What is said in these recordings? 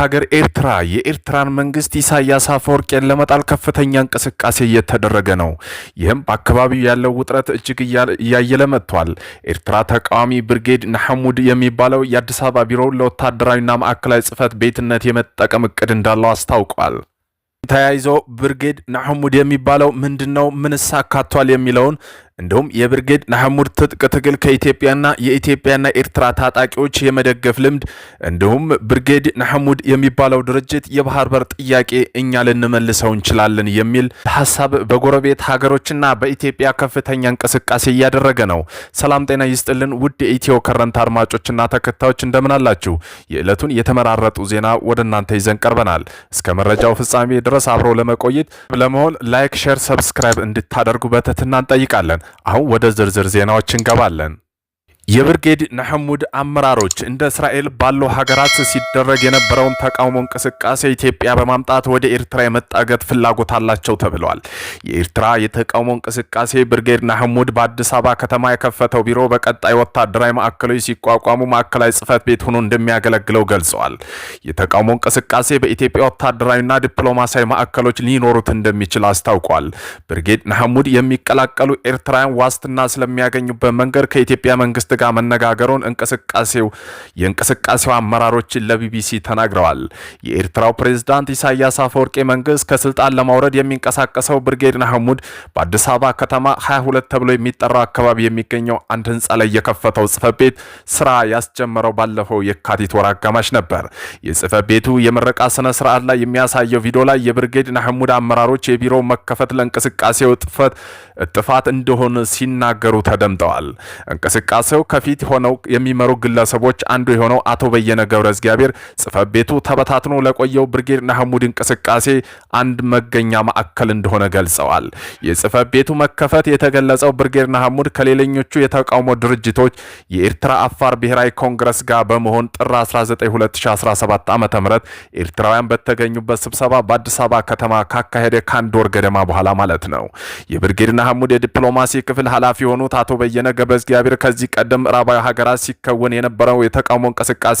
ሀገር ኤርትራ የኤርትራን መንግስት ኢሳያስ አፈወርቄን ለመጣል ከፍተኛ እንቅስቃሴ እየተደረገ ነው። ይህም በአካባቢው ያለው ውጥረት እጅግ እያየለ መጥቷል። ኤርትራ ተቃዋሚ ብርጌድ ናሐሙድ የሚባለው የአዲስ አበባ ቢሮውን ለወታደራዊና ማዕከላዊ ጽህፈት ቤትነት የመጠቀም እቅድ እንዳለው አስታውቋል። ተያይዞ ብርጌድ ናሐሙድ የሚባለው ምንድን ነው? ምንስ አካቷል? የሚለውን እንዲሁም የብርጌድ ናሐሙድ ትጥቅ ትግል ከኢትዮጵያና የኢትዮጵያና ኤርትራ ታጣቂዎች የመደገፍ ልምድ እንዲሁም ብርጌድ ናሐሙድ የሚባለው ድርጅት የባህር በር ጥያቄ እኛ ልንመልሰው እንችላለን የሚል ሀሳብ በጎረቤት ሀገሮችና በኢትዮጵያ ከፍተኛ እንቅስቃሴ እያደረገ ነው። ሰላም ጤና ይስጥልን ውድ የኢትዮ ከረንት አድማጮችና ተከታዮች እንደምን አላችሁ? የዕለቱን የተመራረጡ ዜና ወደ እናንተ ይዘን ቀርበናል። እስከ መረጃው ፍጻሜ ድረስ አብሮ ለመቆየት ለመሆን ላይክ፣ ሼር፣ ሰብስክራይብ እንድታደርጉ በትህትና እንጠይቃለን። አሁን ወደ ዝርዝር ዜናዎች እንገባለን። የብርጌድ ነሐሙድ አመራሮች እንደ እስራኤል ባሉ ሀገራት ሲደረግ የነበረውን ተቃውሞ እንቅስቃሴ ኢትዮጵያ በማምጣት ወደ ኤርትራ የመጣገት ፍላጎት አላቸው ተብለዋል። የኤርትራ የተቃውሞ እንቅስቃሴ ብርጌድ ነሐሙድ በአዲስ አበባ ከተማ የከፈተው ቢሮ በቀጣይ ወታደራዊ ማዕከሎች ሲቋቋሙ ማዕከላዊ ጽህፈት ቤት ሆኖ እንደሚያገለግለው ገልጸዋል። የተቃውሞ እንቅስቃሴ በኢትዮጵያ ወታደራዊና ዲፕሎማሲያዊ ማዕከሎች ሊኖሩት እንደሚችል አስታውቋል። ብርጌድ ነሐሙድ የሚቀላቀሉ ኤርትራውያን ዋስትና ስለሚያገኙበት መንገድ ከኢትዮጵያ መንግስት ጋር መነጋገሩን እንቅስቃሴው የእንቅስቃሴው አመራሮችን ለቢቢሲ ተናግረዋል። የኤርትራው ፕሬዝዳንት ኢሳያስ አፈወርቄ መንግስት ከስልጣን ለማውረድ የሚንቀሳቀሰው ብርጌድ ናህሙድ በአዲስ አበባ ከተማ 22 ተብሎ የሚጠራው አካባቢ የሚገኘው አንድ ህንፃ ላይ የከፈተው ጽህፈት ቤት ስራ ያስጀመረው ባለፈው የካቲት ወር አጋማሽ ነበር። የጽህፈት ቤቱ የምረቃ ስነ ስርዓት ላይ የሚያሳየው ቪዲዮ ላይ የብርጌድ ናህሙድ አመራሮች የቢሮ መከፈት ለእንቅስቃሴው ጥፋት እንደሆነ ሲናገሩ ተደምጠዋል። እንቅስቃሴው ከፊት ሆነው የሚመሩ ግለሰቦች አንዱ የሆነው አቶ በየነ ገብረ እግዚአብሔር ጽፈት ቤቱ ተበታትኖ ለቆየው ብርጌድ ናህሙድ እንቅስቃሴ አንድ መገኛ ማዕከል እንደሆነ ገልጸዋል። የጽፈት ቤቱ መከፈት የተገለጸው ብርጌድ ናህሙድ ከሌለኞቹ የተቃውሞ ድርጅቶች የኤርትራ አፋር ብሔራዊ ኮንግረስ ጋር በመሆን ጥር 192017 ዓ ም ኤርትራውያን በተገኙበት ስብሰባ በአዲስ አበባ ከተማ ካካሄደ ከአንድ ወር ገደማ በኋላ ማለት ነው። የብርጌድ ናህሙድ የዲፕሎማሲ ክፍል ኃላፊ የሆኑት አቶ በየነ ገብረ እግዚአብሔር ከዚህ ቀደም ቀደም ምዕራባዊ ሀገራት ሲከወን የነበረው የተቃውሞ እንቅስቃሴ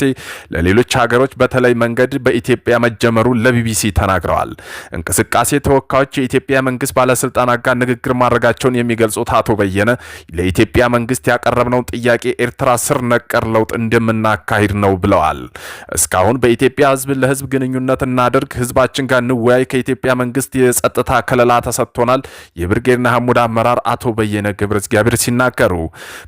ለሌሎች ሀገሮች በተለይ መንገድ በኢትዮጵያ መጀመሩ ለቢቢሲ ተናግረዋል። እንቅስቃሴ ተወካዮች የኢትዮጵያ መንግስት ባለስልጣናት ጋር ንግግር ማድረጋቸውን የሚገልጹት አቶ በየነ ለኢትዮጵያ መንግስት ያቀረብነው ጥያቄ ኤርትራ ስር ነቀር ለውጥ እንደምናካሂድ ነው ብለዋል። እስካሁን በኢትዮጵያ ህዝብ ለህዝብ ግንኙነት እናደርግ፣ ህዝባችን ጋር እንወያይ፣ ከኢትዮጵያ መንግስት የጸጥታ ከለላ ተሰጥቶናል። የብርጌድና ሐሙድ አመራር አቶ በየነ ገብረ እግዚአብሔር ሲናገሩ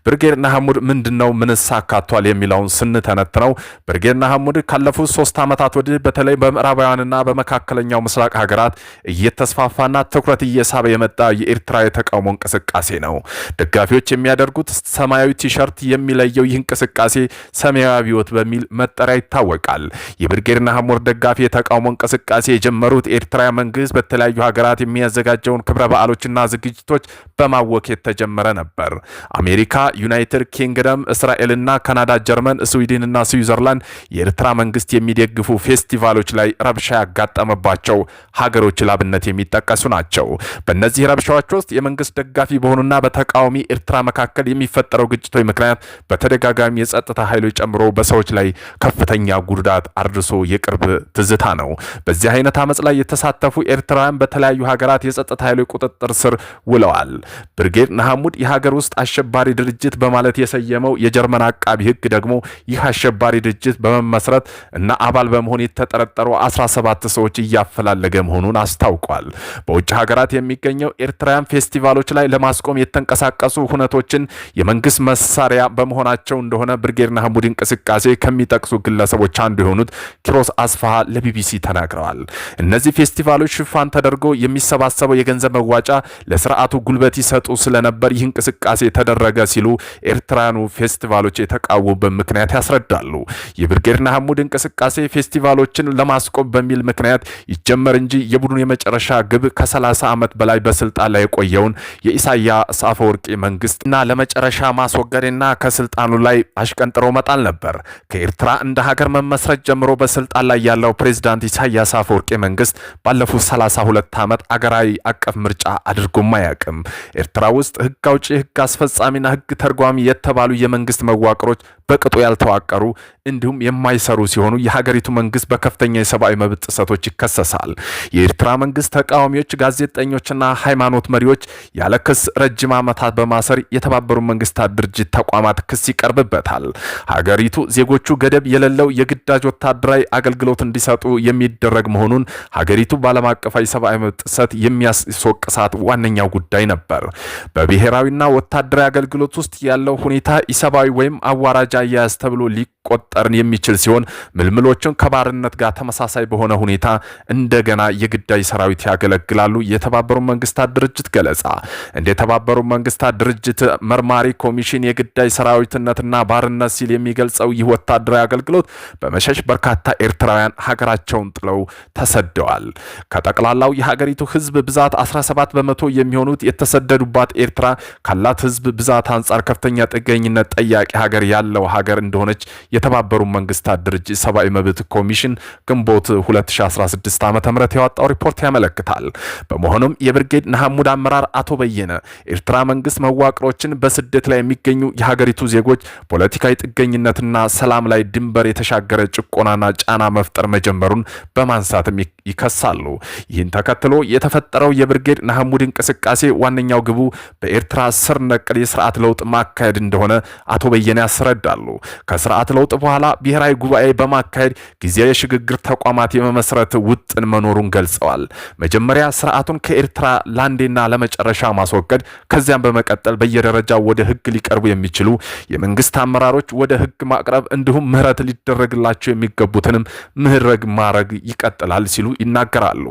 ብርጌድና ሐሙድ ምንድን ነው? ምንስ አካቷል? የሚለውን ስንተነትነው ብርጌና ሐሙድ ካለፉት ሶስት ዓመታት ወዲህ በተለይ በምዕራባውያንና በመካከለኛው ምስራቅ ሀገራት እየተስፋፋና ትኩረት እየሳበ የመጣ የኤርትራ የተቃውሞ እንቅስቃሴ ነው። ደጋፊዎች የሚያደርጉት ሰማያዊ ቲሸርት የሚለየው ይህ እንቅስቃሴ ሰማያዊ አብዮት በሚል መጠሪያ ይታወቃል። የብርጌና ሐሙድ ደጋፊ የተቃውሞ እንቅስቃሴ የጀመሩት ኤርትራ መንግስት በተለያዩ ሀገራት የሚያዘጋጀውን ክብረ በዓሎችና ዝግጅቶች በማወክ የተጀመረ ነበር። አሜሪካ፣ ዩናይትድ ኪንግደም፣ እስራኤልና ካናዳ፣ ጀርመን፣ ስዊድንና ስዊዘርላንድ የኤርትራ መንግስት የሚደግፉ ፌስቲቫሎች ላይ ረብሻ ያጋጠመባቸው ሀገሮች ላብነት የሚጠቀሱ ናቸው። በእነዚህ ረብሻዎች ውስጥ የመንግስት ደጋፊ በሆኑና በተቃዋሚ ኤርትራ መካከል የሚፈጠረው ግጭቶች ምክንያት በተደጋጋሚ የጸጥታ ኃይሎች ጨምሮ በሰዎች ላይ ከፍተኛ ጉዳት አድርሶ የቅርብ ትዝታ ነው። በዚህ አይነት አመፅ ላይ የተሳተፉ ኤርትራውያን በተለያዩ ሀገራት የጸጥታ ኃይሎች ቁጥጥር ስር ውለዋል። ብርጌድ ናሐሙድ የሀገር ውስጥ አሸባሪ ድርጅት በማለት የሰየመው የጀርመን አቃቢ ህግ ደግሞ ይህ አሸባሪ ድርጅት በመመስረት እና አባል በመሆን የተጠረጠሩ 17 ሰዎች እያፈላለገ መሆኑን አስታውቋል። በውጭ ሀገራት የሚገኘው ኤርትራውያን ፌስቲቫሎች ላይ ለማስቆም የተንቀሳቀሱ ሁነቶችን የመንግስት መሳሪያ በመሆናቸው እንደሆነ ብርጌድ ንሓመዱ እንቅስቃሴ ከሚጠቅሱ ግለሰቦች አንዱ የሆኑት ኪሮስ አስፋሃ ለቢቢሲ ተናግረዋል። እነዚህ ፌስቲቫሎች ሽፋን ተደርጎ የሚሰባሰበው የገንዘብ መዋጫ ለስርዓቱ ጉልበት ይሰጡ ስለነበር ይህ እንቅስቃሴ ተደረገ ሲሉ ኤርትራ የአውሮፓውያኑ ፌስቲቫሎች የተቃወሙበት ምክንያት ያስረዳሉ። የብርጌድና ሐሙድ እንቅስቃሴ ፌስቲቫሎችን ለማስቆም በሚል ምክንያት ይጀመር እንጂ የቡድኑ የመጨረሻ ግብ ከ30 ዓመት በላይ በስልጣን ላይ የቆየውን የኢሳያስ አፈወርቂ መንግስትና ለመጨረሻ ማስወገድና ከስልጣኑ ላይ አሽቀንጥሮ መጣል ነበር። ከኤርትራ እንደ ሀገር መመስረት ጀምሮ በስልጣን ላይ ያለው ፕሬዚዳንት ኢሳያስ አፈወርቂ መንግስት ባለፉት 32 ዓመት አገራዊ አቀፍ ምርጫ አድርጎም አያውቅም። ኤርትራ ውስጥ ህግ አውጪ፣ ህግ አስፈጻሚና ህግ ተርጓሚ የተ የተባሉ የመንግስት መዋቅሮች በቅጡ ያልተዋቀሩ እንዲሁም የማይሰሩ ሲሆኑ የሀገሪቱ መንግስት በከፍተኛ የሰብአዊ መብት ጥሰቶች ይከሰሳል። የኤርትራ መንግስት ተቃዋሚዎች፣ ጋዜጠኞችና ሃይማኖት መሪዎች ያለ ክስ ረጅም ዓመታት በማሰር የተባበሩ መንግስታት ድርጅት ተቋማት ክስ ይቀርብበታል። ሀገሪቱ ዜጎቹ ገደብ የሌለው የግዳጅ ወታደራዊ አገልግሎት እንዲሰጡ የሚደረግ መሆኑን ሀገሪቱ በዓለም አቀፋዊ ሰብአዊ መብት ጥሰት የሚያስወቅሳት ዋነኛው ጉዳይ ነበር። በብሔራዊና ወታደራዊ አገልግሎት ውስጥ ያለው ሁኔታ ኢሰብአዊ ወይም አዋራጅ አያያዝ ተብሎ ሊ ሊቆጠርን የሚችል ሲሆን ምልምሎችን ከባርነት ጋር ተመሳሳይ በሆነ ሁኔታ እንደገና የግዳጅ ሰራዊት ያገለግላሉ። የተባበሩ መንግስታት ድርጅት ገለጻ እንደ የተባበሩ መንግስታት ድርጅት መርማሪ ኮሚሽን የግዳጅ ሰራዊትነትና ባርነት ሲል የሚገልጸው ይህ ወታደራዊ አገልግሎት በመሸሽ በርካታ ኤርትራውያን ሀገራቸውን ጥለው ተሰደዋል። ከጠቅላላው የሀገሪቱ ህዝብ ብዛት 17 በመቶ የሚሆኑት የተሰደዱባት ኤርትራ ካላት ህዝብ ብዛት አንጻር ከፍተኛ ጥገኝነት ጠያቂ ሀገር ያለው ሀገር እንደሆነች የተባበሩ መንግስታት ድርጅት ሰብአዊ መብት ኮሚሽን ግንቦት 2016 ዓ ም ያወጣው ሪፖርት ያመለክታል። በመሆኑም የብርጌድ ንሓመዱ አመራር አቶ በየነ ኤርትራ መንግስት መዋቅሮችን በስደት ላይ የሚገኙ የሀገሪቱ ዜጎች ፖለቲካዊ ጥገኝነትና ሰላም ላይ ድንበር የተሻገረ ጭቆናና ጫና መፍጠር መጀመሩን በማንሳትም ይከሳሉ። ይህን ተከትሎ የተፈጠረው የብርጌድ ንሓመዱ እንቅስቃሴ ዋነኛው ግቡ በኤርትራ ስር ነቀል የስርዓት ለውጥ ማካሄድ እንደሆነ አቶ በየነ ያስረዳሉ። ከስርዓት ከለውጥ በኋላ ብሔራዊ ጉባኤ በማካሄድ ጊዜያዊ የሽግግር ተቋማት የመመስረት ውጥን መኖሩን ገልጸዋል። መጀመሪያ ስርዓቱን ከኤርትራ ላንዴና ለመጨረሻ ማስወገድ፣ ከዚያም በመቀጠል በየደረጃው ወደ ህግ ሊቀርቡ የሚችሉ የመንግስት አመራሮች ወደ ህግ ማቅረብ እንዲሁም ምህረት ሊደረግላቸው የሚገቡትንም ምህረግ ማድረግ ይቀጥላል ሲሉ ይናገራሉ።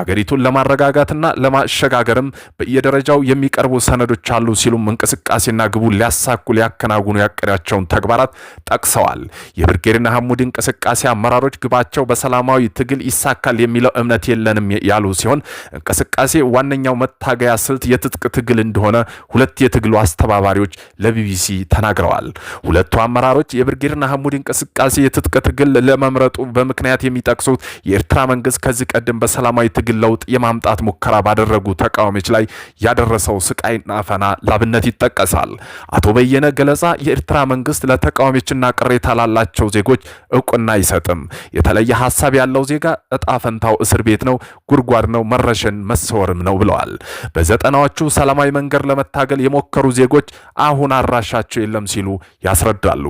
ሀገሪቱን ለማረጋጋትና ለማሸጋገርም በየደረጃው የሚቀርቡ ሰነዶች አሉ ሲሉም እንቅስቃሴና ግቡ ሊያሳኩ ሊያከናውኑ ያቀዳቸውን ተግባራት ጠቅሰዋል። ገልጸዋል። የብርጌድና ሐሙድ እንቅስቃሴ አመራሮች ግባቸው በሰላማዊ ትግል ይሳካል የሚለው እምነት የለንም ያሉ ሲሆን እንቅስቃሴ ዋነኛው መታገያ ስልት የትጥቅ ትግል እንደሆነ ሁለት የትግሉ አስተባባሪዎች ለቢቢሲ ተናግረዋል። ሁለቱ አመራሮች የብርጌድና ሐሙድ እንቅስቃሴ የትጥቅ ትግል ለመምረጡ በምክንያት የሚጠቅሱት የኤርትራ መንግስት ከዚህ ቀደም በሰላማዊ ትግል ለውጥ የማምጣት ሙከራ ባደረጉ ተቃዋሚዎች ላይ ያደረሰው ስቃይና አፈና ላብነት ይጠቀሳል። አቶ በየነ ገለጻ የኤርትራ መንግስት ለተቃዋሚዎችና ቅሬታ ላላቸው ዜጎች እውቅና አይሰጥም። የተለየ ሀሳብ ያለው ዜጋ እጣ ፈንታው እስር ቤት ነው፣ ጉድጓድ ነው፣ መረሸን መሰወርም ነው ብለዋል። በዘጠናዎቹ ሰላማዊ መንገድ ለመታገል የሞከሩ ዜጎች አሁን አድራሻቸው የለም ሲሉ ያስረዳሉ።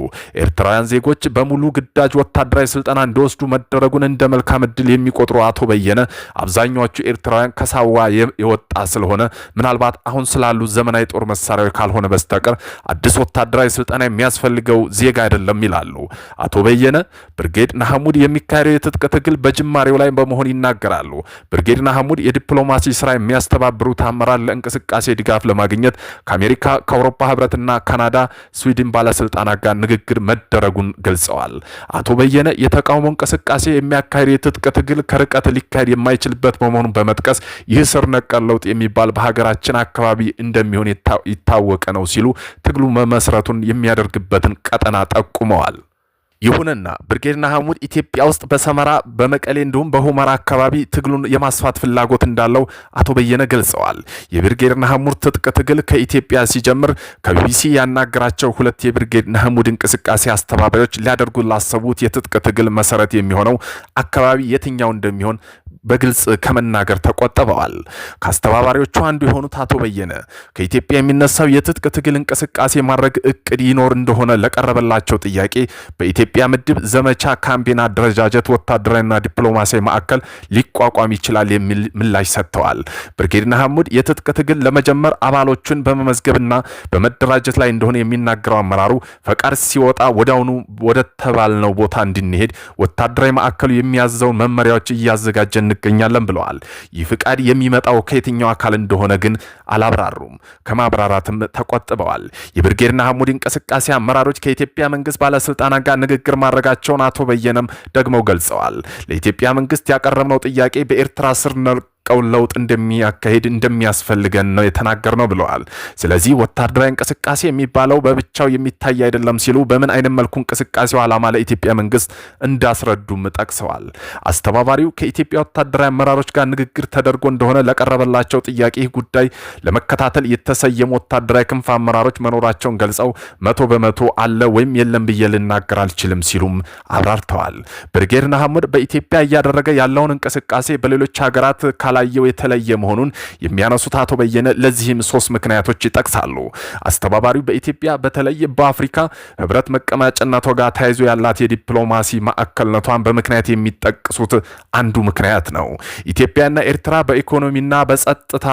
ኤርትራውያን ዜጎች በሙሉ ግዳጅ ወታደራዊ ስልጠና እንዲወስዱ መደረጉን እንደ መልካም እድል የሚቆጥሩ አቶ በየነ አብዛኛዎቹ ኤርትራውያን ከሳዋ የወጣ ስለሆነ ምናልባት አሁን ስላሉ ዘመናዊ ጦር መሳሪያዊ ካልሆነ በስተቀር አዲስ ወታደራዊ ስልጠና የሚያስፈልገው ዜጋ አይደለም ይላል። ይላሉ አቶ በየነ። ብርጌድ ናሐሙድ የሚካሄደው የትጥቅ ትግል በጅማሬው ላይ በመሆን ይናገራሉ። ብርጌድ ናሐሙድ የዲፕሎማሲ ስራ የሚያስተባብሩት አመራር ለእንቅስቃሴ ድጋፍ ለማግኘት ከአሜሪካ ከአውሮፓ ህብረትና ካናዳ፣ ስዊድን ባለስልጣናት ጋር ንግግር መደረጉን ገልጸዋል። አቶ በየነ የተቃውሞ እንቅስቃሴ የሚያካሄደው የትጥቅ ትግል ከርቀት ሊካሄድ የማይችልበት መሆኑን በመጥቀስ ይህ ስር ነቀል ለውጥ የሚባል በሀገራችን አካባቢ እንደሚሆን ይታወቀ ነው ሲሉ ትግሉ መመስረቱን የሚያደርግበትን ቀጠና ጠቁመዋል። ይሁንና ብርጌድና ሐሙድ ኢትዮጵያ ውስጥ በሰመራ በመቀሌ እንዲሁም በሁመራ አካባቢ ትግሉን የማስፋት ፍላጎት እንዳለው አቶ በየነ ገልጸዋል። የብርጌድና ሐሙድ ትጥቅ ትግል ከኢትዮጵያ ሲጀምር ከቢቢሲ ያናገራቸው ሁለት የብርጌድና ሐሙድ እንቅስቃሴ አስተባባሪዎች ሊያደርጉ ላሰቡት የትጥቅ ትግል መሰረት የሚሆነው አካባቢ የትኛው እንደሚሆን በግልጽ ከመናገር ተቆጥበዋል። ከአስተባባሪዎቹ አንዱ የሆኑት አቶ በየነ ከኢትዮጵያ የሚነሳው የትጥቅ ትግል እንቅስቃሴ ማድረግ እቅድ ይኖር እንደሆነ ለቀረበላቸው ጥያቄ በኢትዮጵያ ምድብ ዘመቻ ካምፔን አደረጃጀት ወታደራዊና ዲፕሎማሲያዊ ማዕከል ሊቋቋም ይችላል የሚል ምላሽ ሰጥተዋል። ብርጌድ ንሓመድ የትጥቅ ትግል ለመጀመር አባሎቹን በመመዝገብና በመደራጀት ላይ እንደሆነ የሚናገረው አመራሩ ፈቃድ ሲወጣ ወዲያውኑ ወደ ተባልነው ቦታ እንድንሄድ ወታደራዊ ማዕከሉ የሚያዘውን መመሪያዎች እያዘጋጀን እንገኛለን ብለዋል። ይህ ፍቃድ የሚመጣው ከየትኛው አካል እንደሆነ ግን አላብራሩም፣ ከማብራራትም ተቆጥበዋል። የብርጌድና ሐሙድ እንቅስቃሴ አመራሮች ከኢትዮጵያ መንግስት ባለስልጣናት ጋር ንግግር ማድረጋቸውን አቶ በየነም ደግመው ገልጸዋል። ለኢትዮጵያ መንግስት ያቀረብነው ጥያቄ በኤርትራ ስር የሚያረቀውን ለውጥ እንደሚያካሄድ እንደሚያስፈልገን ነው የተናገር ነው ብለዋል። ስለዚህ ወታደራዊ እንቅስቃሴ የሚባለው በብቻው የሚታይ አይደለም ሲሉ በምን አይነት መልኩ እንቅስቃሴው ዓላማ ለኢትዮጵያ መንግስት እንዳስረዱም ጠቅሰዋል። አስተባባሪው ከኢትዮጵያ ወታደራዊ አመራሮች ጋር ንግግር ተደርጎ እንደሆነ ለቀረበላቸው ጥያቄ ይህ ጉዳይ ለመከታተል የተሰየሙ ወታደራዊ ክንፍ አመራሮች መኖራቸውን ገልጸው መቶ በመቶ አለ ወይም የለም ብዬ ልናገር አልችልም ሲሉም አብራርተዋል። ብርጌድ ናሐሙድ በኢትዮጵያ እያደረገ ያለውን እንቅስቃሴ በሌሎች ሀገራት ካላ ካላየው የተለየ መሆኑን የሚያነሱት አቶ በየነ ለዚህም ሶስት ምክንያቶች ይጠቅሳሉ። አስተባባሪው በኢትዮጵያ በተለይ በአፍሪካ ህብረት መቀመጫነቷ ጋር ተያይዞ ያላት የዲፕሎማሲ ማዕከልነቷን በምክንያት የሚጠቅሱት አንዱ ምክንያት ነው። ኢትዮጵያና ኤርትራ በኢኮኖሚና በጸጥታ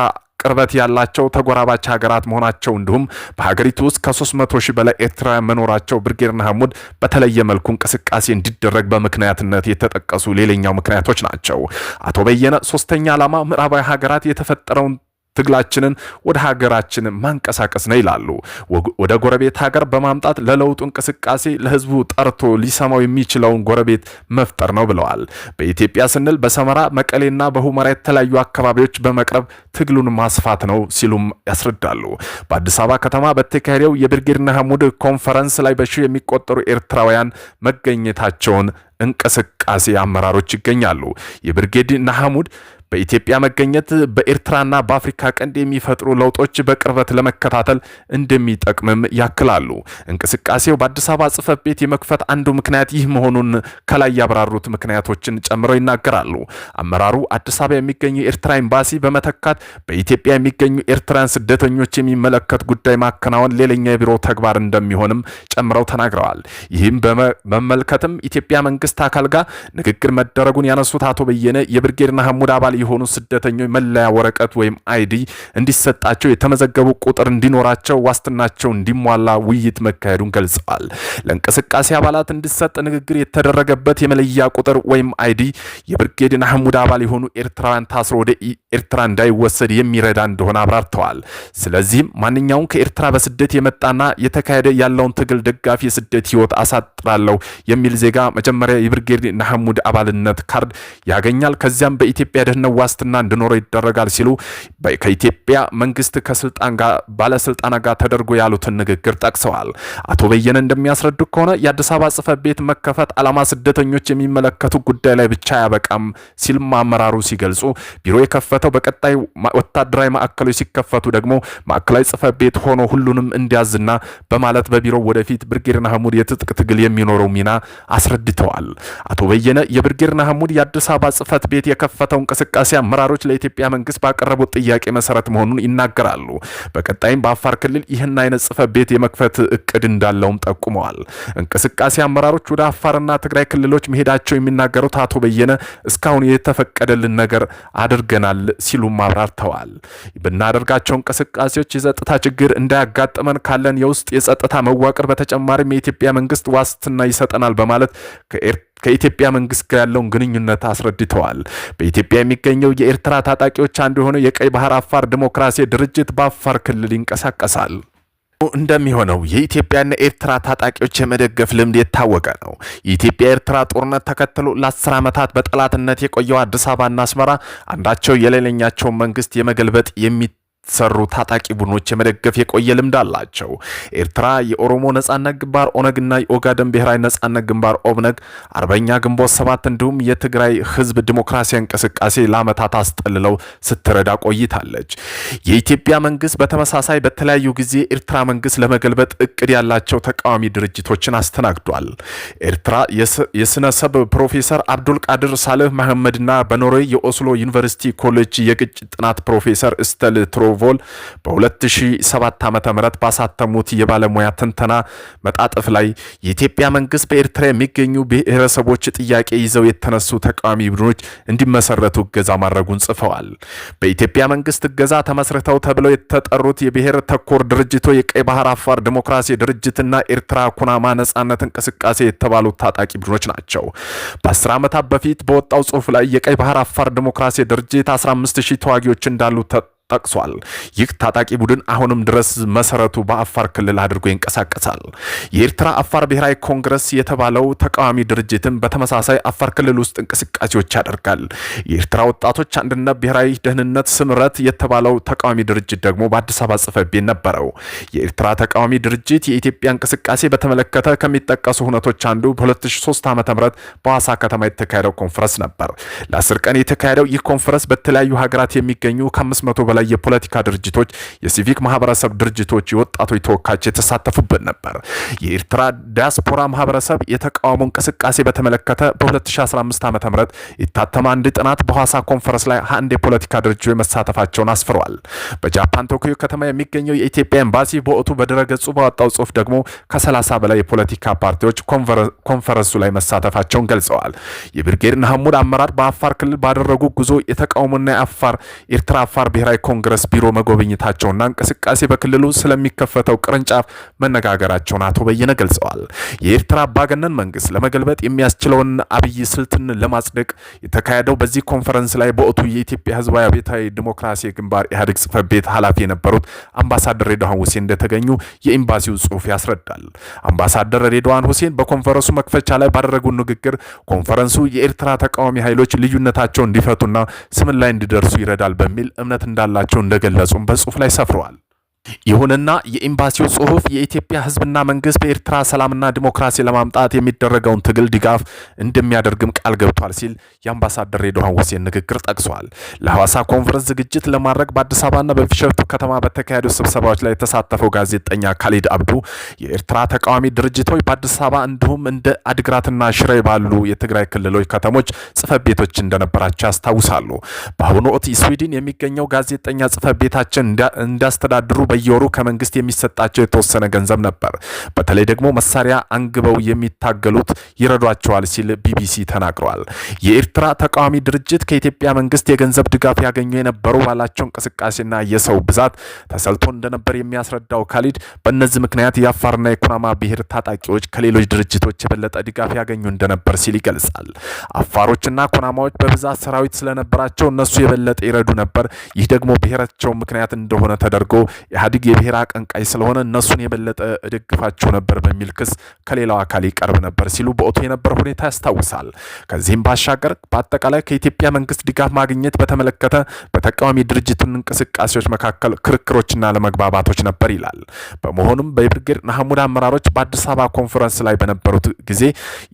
ቅርበት ያላቸው ተጎራባች ሀገራት መሆናቸው እንዲሁም በሀገሪቱ ውስጥ ከ መቶ ሺህ በላይ ኤርትራውያን መኖራቸው ብርጌድና ሐሙድ በተለየ መልኩ እንቅስቃሴ እንዲደረግ በምክንያትነት የተጠቀሱ ሌላኛው ምክንያቶች ናቸው። አቶ በየነ ሶስተኛ ዓላማ ምዕራባዊ ሀገራት የተፈጠረውን ትግላችንን ወደ ሀገራችን ማንቀሳቀስ ነው ይላሉ። ወደ ጎረቤት ሀገር በማምጣት ለለውጡ እንቅስቃሴ ለህዝቡ ጠርቶ ሊሰማው የሚችለውን ጎረቤት መፍጠር ነው ብለዋል። በኢትዮጵያ ስንል በሰመራ መቀሌና በሁመራ የተለያዩ አካባቢዎች በመቅረብ ትግሉን ማስፋት ነው ሲሉም ያስረዳሉ። በአዲስ አበባ ከተማ በተካሄደው የብርጌድና ሐሙድ ኮንፈረንስ ላይ በሺህ የሚቆጠሩ ኤርትራውያን መገኘታቸውን እንቅስቃሴ አመራሮች ይገኛሉ። የብርጌድ ናሐሙድ በኢትዮጵያ መገኘት በኤርትራና በአፍሪካ ቀንድ የሚፈጥሩ ለውጦች በቅርበት ለመከታተል እንደሚጠቅምም ያክላሉ። እንቅስቃሴው በአዲስ አበባ ጽፈት ቤት የመክፈት አንዱ ምክንያት ይህ መሆኑን ከላይ ያብራሩት ምክንያቶችን ጨምረው ይናገራሉ። አመራሩ አዲስ አበባ የሚገኙ የኤርትራ ኤምባሲ በመተካት በኢትዮጵያ የሚገኙ ኤርትራን ስደተኞች የሚመለከት ጉዳይ ማከናወን ሌላኛ የቢሮ ተግባር እንደሚሆንም ጨምረው ተናግረዋል። ይህም በመመልከትም ኢትዮጵያ መንግስት አካል ጋር ንግግር መደረጉን ያነሱት አቶ በየነ የብርጌድና ሐሙድ አባል የሆኑ ስደተኞች መለያ ወረቀት ወይም አይዲ እንዲሰጣቸው፣ የተመዘገቡ ቁጥር እንዲኖራቸው፣ ዋስትናቸው እንዲሟላ ውይይት መካሄዱን ገልጸዋል። ለእንቅስቃሴ አባላት እንዲሰጥ ንግግር የተደረገበት የመለያ ቁጥር ወይም አይዲ የብርጌድን አህሙድ አባል የሆኑ ኤርትራውያን ታስሮ ወደ ኤርትራ እንዳይወሰድ የሚረዳ እንደሆነ አብራርተዋል። ስለዚህም ማንኛውም ከኤርትራ በስደት የመጣና የተካሄደ ያለውን ትግል ደጋፊ የስደት ህይወት አሳጥራለሁ የሚል ዜጋ መጀመሪያ የብርጌድ ናሐሙድ አባልነት ካርድ ያገኛል። ከዚያም በኢትዮጵያ ደህንነት ዋስትናው ዋስትና እንዲኖረው ይደረጋል ሲሉ ከኢትዮጵያ መንግስት ከስልጣን ጋር ባለስልጣናት ጋር ተደርጎ ያሉትን ንግግር ጠቅሰዋል። አቶ በየነ እንደሚያስረዱ ከሆነ የአዲስ አበባ ጽፈት ቤት መከፈት አላማ ስደተኞች የሚመለከቱ ጉዳይ ላይ ብቻ አያበቃም ሲል አመራሩ ሲገልጹ ቢሮ የከፈተው በቀጣይ ወታደራዊ ማዕከሎች ሲከፈቱ ደግሞ ማዕከላዊ ጽፈት ቤት ሆኖ ሁሉንም እንዲያዝና በማለት በቢሮው ወደፊት ብርጌርና ሐሙድ የትጥቅ ትግል የሚኖረው ሚና አስረድተዋል። አቶ በየነ የብርጌርና ሐሙድ የአዲስ አበባ ጽህፈት ቤት የከፈተው እንቅስቃሴ እንቅስቃሴ አመራሮች ለኢትዮጵያ መንግስት ባቀረቡት ጥያቄ መሰረት መሆኑን ይናገራሉ። በቀጣይም በአፋር ክልል ይህን አይነት ጽሕፈት ቤት የመክፈት እቅድ እንዳለውም ጠቁመዋል። እንቅስቃሴ አመራሮች ወደ አፋርና ትግራይ ክልሎች መሄዳቸው የሚናገሩት አቶ በየነ እስካሁን የተፈቀደልን ነገር አድርገናል ሲሉም አብራርተዋል። ብናደርጋቸው እንቅስቃሴዎች የጸጥታ ችግር እንዳያጋጥመን ካለን የውስጥ የጸጥታ መዋቅር በተጨማሪም የኢትዮጵያ መንግስት ዋስትና ይሰጠናል በማለት ከኤርትራ ከኢትዮጵያ መንግስት ጋር ያለውን ግንኙነት አስረድተዋል። በኢትዮጵያ የሚገኘው የኤርትራ ታጣቂዎች አንዱ የሆነው የቀይ ባህር አፋር ዲሞክራሲ ድርጅት በአፋር ክልል ይንቀሳቀሳል። እንደሚሆነው የኢትዮጵያና ኤርትራ ታጣቂዎች የመደገፍ ልምድ የታወቀ ነው። የኢትዮጵያ ኤርትራ ጦርነት ተከትሎ ለአስር ዓመታት በጠላትነት የቆየው አዲስ አበባና አስመራ አንዳቸው የሌለኛቸውን መንግስት የመገልበጥ የሚ ሰሩ ታጣቂ ቡድኖች የመደገፍ የቆየ ልምድ አላቸው። ኤርትራ የኦሮሞ ነጻነት ግንባር ኦነግና የኦጋደን ብሔራዊ ነጻነት ግንባር ኦብነግ፣ አርበኛ ግንቦት ሰባት እንዲሁም የትግራይ ህዝብ ዲሞክራሲያዊ እንቅስቃሴ ለዓመታት አስጠልለው ስትረዳ ቆይታለች። የኢትዮጵያ መንግስት በተመሳሳይ በተለያዩ ጊዜ ኤርትራ መንግስት ለመገልበጥ እቅድ ያላቸው ተቃዋሚ ድርጅቶችን አስተናግዷል። ኤርትራ የስነሰብ ፕሮፌሰር አብዱል ቃድር ሳልህ መሐመድና በኖርዌይ የኦስሎ ዩኒቨርሲቲ ኮሌጅ የግጭት ጥናት ፕሮፌሰር ስተልትሮ ቮል በ2007 ም ባሳተሙት የባለሙያ ትንተና መጣጥፍ ላይ የኢትዮጵያ መንግስት በኤርትራ የሚገኙ ብሔረሰቦች ጥያቄ ይዘው የተነሱ ተቃዋሚ ቡድኖች እንዲመሰረቱ እገዛ ማድረጉን ጽፈዋል። በኢትዮጵያ መንግስት እገዛ ተመስርተው ተብለው የተጠሩት የብሔር ተኮር ድርጅቶ የቀይ ባህር አፋር ዲሞክራሲ ድርጅትና ኤርትራ ኩናማ ነጻነት እንቅስቃሴ የተባሉት ታጣቂ ቡድኖች ናቸው። በ በ10 ዓመታት በፊት በወጣው ጽሁፍ ላይ የቀይ ባህር አፋር ዲሞክራሲ ድርጅት 15 ሺህ ተዋጊዎች እንዳሉት ጠቅሷል። ይህ ታጣቂ ቡድን አሁንም ድረስ መሰረቱ በአፋር ክልል አድርጎ ይንቀሳቀሳል። የኤርትራ አፋር ብሔራዊ ኮንግረስ የተባለው ተቃዋሚ ድርጅትም በተመሳሳይ አፋር ክልል ውስጥ እንቅስቃሴዎች ያደርጋል። የኤርትራ ወጣቶች አንድነት ብሔራዊ ደህንነት ስምረት የተባለው ተቃዋሚ ድርጅት ደግሞ በአዲስ አበባ ጽሕፈት ቤት ነበረው። የኤርትራ ተቃዋሚ ድርጅት የኢትዮጵያ እንቅስቃሴ በተመለከተ ከሚጠቀሱ ሁነቶች አንዱ በ2003 ዓ ም በሐዋሳ ከተማ የተካሄደው ኮንፈረንስ ነበር። ለአስር ቀን የተካሄደው ይህ ኮንፈረንስ በተለያዩ ሀገራት የሚገኙ ከ500 በላይ የፖለቲካ ድርጅቶች፣ የሲቪክ ማህበረሰብ ድርጅቶች፣ የወጣቶች ተወካዮች የተሳተፉበት ነበር። የኤርትራ ዲያስፖራ ማህበረሰብ የተቃውሞ እንቅስቃሴ በተመለከተ በ2015 ዓ ም የታተመ አንድ ጥናት በሐዋሳ ኮንፈረንስ ላይ አንድ የፖለቲካ ድርጅቶች መሳተፋቸውን አስፍሯል። በጃፓን ቶኪዮ ከተማ የሚገኘው የኢትዮጵያ ኤምባሲ በወቅቱ በድረገጹ ባወጣው ጽሁፍ ደግሞ ከ30 በላይ የፖለቲካ ፓርቲዎች ኮንፈረንሱ ላይ መሳተፋቸውን ገልጸዋል። የብርጌድ ንሓመዱ አመራር በአፋር ክልል ባደረጉ ጉዞ የተቃውሞና የአፋር ኤርትራ አፋር ብሔራዊ የኮንግረስ ቢሮ መጎብኘታቸውና እንቅስቃሴ በክልሉ ስለሚከፈተው ቅርንጫፍ መነጋገራቸውን አቶ በየነ ገልጸዋል። የኤርትራ አምባገነን መንግስት ለመገልበጥ የሚያስችለውን አብይ ስልትን ለማጽደቅ የተካሄደው በዚህ ኮንፈረንስ ላይ በወቅቱ የኢትዮጵያ ህዝባዊ አብዮታዊ ዲሞክራሲ ግንባር ኢህአዴግ ጽህፈት ቤት ኃላፊ የነበሩት አምባሳደር ሬድዋን ሁሴን እንደተገኙ የኤምባሲው ጽሁፍ ያስረዳል። አምባሳደር ሬድዋን ሁሴን በኮንፈረንሱ መክፈቻ ላይ ባደረጉት ንግግር ኮንፈረንሱ የኤርትራ ተቃዋሚ ኃይሎች ልዩነታቸውን እንዲፈቱና ስምን ላይ እንዲደርሱ ይረዳል በሚል እምነት እንዳለ እንዳላቸው እንደገለጹም በጽሁፍ ላይ ሰፍረዋል። ይሁንና የኤምባሲው ጽሑፍ የኢትዮጵያ ሕዝብና መንግስት በኤርትራ ሰላምና ዲሞክራሲ ለማምጣት የሚደረገውን ትግል ድጋፍ እንደሚያደርግም ቃል ገብቷል ሲል የአምባሳደር ሬድዋን ሁሴን ንግግር ጠቅሷል። ለሐዋሳ ኮንፈረንስ ዝግጅት ለማድረግ በአዲስ አበባና በቢሾፍቱ ከተማ በተካሄዱ ስብሰባዎች ላይ የተሳተፈው ጋዜጠኛ ካሊድ አብዱ የኤርትራ ተቃዋሚ ድርጅቶች በአዲስ አበባ እንዲሁም እንደ አድግራትና ሽሬ ባሉ የትግራይ ክልሎች ከተሞች ጽፈት ቤቶች እንደነበራቸው ያስታውሳሉ። በአሁኑ ወቅት ስዊድን የሚገኘው ጋዜጠኛ ጽፈት ቤታችን እንዳስተዳድሩ በየወሩ ከመንግስት የሚሰጣቸው የተወሰነ ገንዘብ ነበር። በተለይ ደግሞ መሳሪያ አንግበው የሚታገሉት ይረዷቸዋል ሲል ቢቢሲ ተናግሯል። የኤርትራ ተቃዋሚ ድርጅት ከኢትዮጵያ መንግስት የገንዘብ ድጋፍ ያገኙ የነበሩ ባላቸው እንቅስቃሴና የሰው ብዛት ተሰልቶ እንደነበር የሚያስረዳው ካሊድ በእነዚህ ምክንያት የአፋርና የኩናማ ብሔር ታጣቂዎች ከሌሎች ድርጅቶች የበለጠ ድጋፍ ያገኙ እንደነበር ሲል ይገልጻል። አፋሮችና ኩናማዎች በብዛት ሰራዊት ስለነበራቸው እነሱ የበለጠ ይረዱ ነበር። ይህ ደግሞ ብሔራቸው ምክንያት እንደሆነ ተደርጎ ኢህአዲግ የብሔር አቀንቃይ ስለሆነ እነሱን የበለጠ እደግፋቸው ነበር በሚል ክስ ከሌላው አካል ይቀርብ ነበር ሲሉ በወቅቱ የነበረ ሁኔታ ያስታውሳል። ከዚህም ባሻገር በአጠቃላይ ከኢትዮጵያ መንግስት ድጋፍ ማግኘት በተመለከተ በተቃዋሚ ድርጅቱን እንቅስቃሴዎች መካከል ክርክሮችና ለመግባባቶች ነበር ይላል። በመሆኑም በብርጌድ ናሐሙድ አመራሮች በአዲስ አበባ ኮንፈረንስ ላይ በነበሩት ጊዜ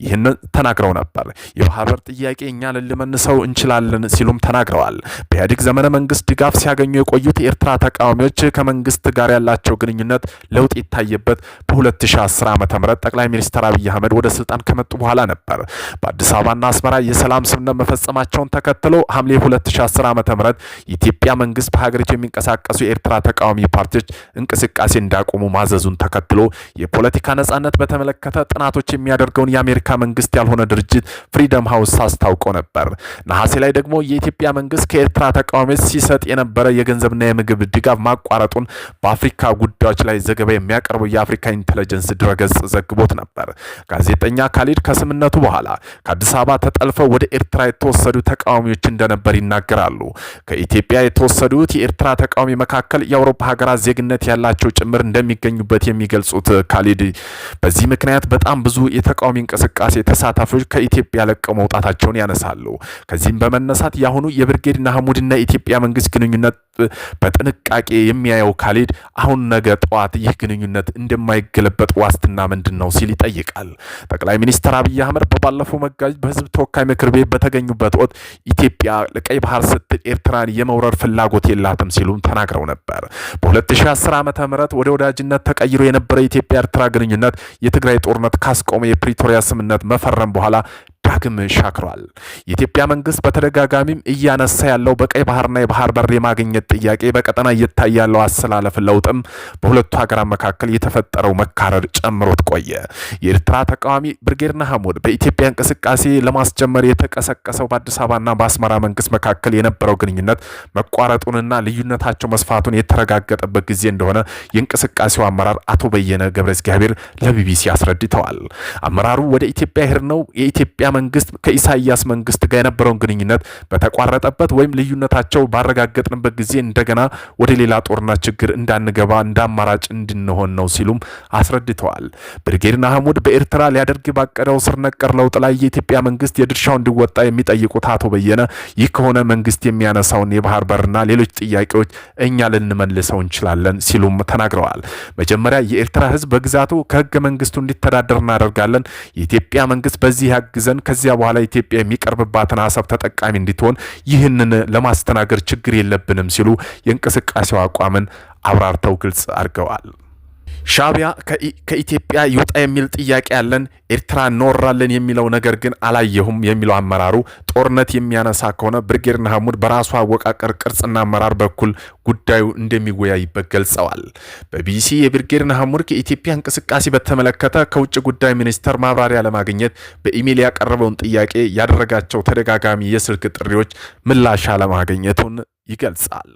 ይህን ተናግረው ነበር። የማህበር ጥያቄ እኛ ልንመንሰው እንችላለን ሲሉም ተናግረዋል። በኢህአዲግ ዘመነ መንግስት ድጋፍ ሲያገኙ የቆዩት የኤርትራ ተቃዋሚዎች ከመንግስት መንግስት ጋር ያላቸው ግንኙነት ለውጥ ይታየበት በ2010 ዓ ም ጠቅላይ ሚኒስትር አብይ አህመድ ወደ ስልጣን ከመጡ በኋላ ነበር። በአዲስ አበባና አስመራ የሰላም ስምምነት መፈጸማቸውን ተከትሎ ሐምሌ 2010 ዓ ም የኢትዮጵያ መንግስት በሀገሪቱ የሚንቀሳቀሱ የኤርትራ ተቃዋሚ ፓርቲዎች እንቅስቃሴ እንዳቆሙ ማዘዙን ተከትሎ የፖለቲካ ነጻነት በተመለከተ ጥናቶች የሚያደርገውን የአሜሪካ መንግስት ያልሆነ ድርጅት ፍሪደም ሀውስ አስታውቀው ነበር። ነሐሴ ላይ ደግሞ የኢትዮጵያ መንግስት ከኤርትራ ተቃዋሚዎች ሲሰጥ የነበረ የገንዘብና የምግብ ድጋፍ ማቋረጡን በአፍሪካ ጉዳዮች ላይ ዘገባ የሚያቀርበው የአፍሪካ ኢንቴሊጀንስ ድረገጽ ዘግቦት ነበር። ጋዜጠኛ ካሊድ ከስምነቱ በኋላ ከአዲስ አበባ ተጠልፈው ወደ ኤርትራ የተወሰዱ ተቃዋሚዎች እንደነበር ይናገራሉ። ከኢትዮጵያ የተወሰዱት የኤርትራ ተቃዋሚ መካከል የአውሮፓ ሀገራት ዜግነት ያላቸው ጭምር እንደሚገኙበት የሚገልጹት ካሊድ በዚህ ምክንያት በጣም ብዙ የተቃዋሚ እንቅስቃሴ ተሳታፊዎች ከኢትዮጵያ ለቀው መውጣታቸውን ያነሳሉ። ከዚህም በመነሳት የአሁኑ የብርጌድ ናህሙድና የኢትዮጵያ መንግስት ግንኙነት በጥንቃቄ የሚያየው ካሌድ አሁን ነገ ጠዋት ይህ ግንኙነት እንደማይገለበጥ ዋስትና ምንድን ነው ሲል ይጠይቃል። ጠቅላይ ሚኒስትር አብይ አህመድ በባለፈው መጋቢት በህዝብ ተወካይ ምክር ቤት በተገኙበት ወቅት ኢትዮጵያ ለቀይ ባህር ስትል ኤርትራን የመውረር ፍላጎት የላትም ሲሉም ተናግረው ነበር። በ2010 ዓ ም ወደ ወዳጅነት ተቀይሮ የነበረ የኢትዮጵያ ኤርትራ ግንኙነት የትግራይ ጦርነት ካስቆመ የፕሪቶሪያ ስምነት መፈረም በኋላ ዳግም ሻክሯል። የኢትዮጵያ መንግስት በተደጋጋሚም እያነሳ ያለው በቀይ ባህርና የባህር በር የማግኘት ጥያቄ፣ በቀጠና እየታየ ያለው አሰላለፍ ለውጥም በሁለቱ ሀገራት መካከል የተፈጠረው መካረር ጨምሮት ቆየ። የኤርትራ ተቃዋሚ ብርጌድና ሐሙድ በኢትዮጵያ እንቅስቃሴ ለማስጀመር የተቀሰቀሰው በአዲስ አበባና በአስመራ መንግስት መካከል የነበረው ግንኙነት መቋረጡንና ልዩነታቸው መስፋቱን የተረጋገጠበት ጊዜ እንደሆነ የእንቅስቃሴው አመራር አቶ በየነ ገብረ እግዚአብሔር ለቢቢሲ አስረድተዋል። አመራሩ ወደ ኢትዮጵያ ሄድ ነው የኢትዮጵያ መንግስት ከኢሳያስ መንግስት ጋር የነበረውን ግንኙነት በተቋረጠበት ወይም ልዩነታቸው ባረጋገጥንበት ጊዜ እንደገና ወደ ሌላ ጦርና ችግር እንዳንገባ እንደ አማራጭ እንድንሆን ነው ሲሉም አስረድተዋል። ብርጌድና አህሙድ በኤርትራ ሊያደርግ ባቀደው ስር ነቀር ለውጥ ላይ የኢትዮጵያ መንግስት የድርሻው እንዲወጣ የሚጠይቁት አቶ በየነ ይህ ከሆነ መንግስት የሚያነሳውን የባህር በርና ሌሎች ጥያቄዎች እኛ ልንመልሰው እንችላለን ሲሉም ተናግረዋል። መጀመሪያ የኤርትራ ህዝብ በግዛቱ ከህገ መንግስቱ እንዲተዳደር እናደርጋለን። የኢትዮጵያ መንግስት በዚህ ያግዘን ከዚያ በኋላ ኢትዮጵያ የሚቀርብባትን ሀሳብ ተጠቃሚ እንድትሆን ይህንን ለማስተናገድ ችግር የለብንም ሲሉ የእንቅስቃሴው አቋምን አብራርተው ግልጽ አድርገዋል። ሻቢያ ከኢትዮጵያ ይውጣ የሚል ጥያቄ ያለን ኤርትራ እንወራለን የሚለው ነገር ግን አላየሁም የሚለው አመራሩ ጦርነት የሚያነሳ ከሆነ ብርጌር ሐሙድ በራሱ አወቃቀር ቅርጽና አመራር በኩል ጉዳዩ እንደሚወያይበት ገልጸዋል። በቢቢሲ የብርጌር ሐሙድ ከኢትዮጵያ እንቅስቃሴ በተመለከተ ከውጭ ጉዳይ ሚኒስተር ማብራሪያ ለማግኘት በኢሜይል ያቀረበውን ጥያቄ ያደረጋቸው ተደጋጋሚ የስልክ ጥሪዎች ምላሽ አለማግኘቱን ይገልጻል።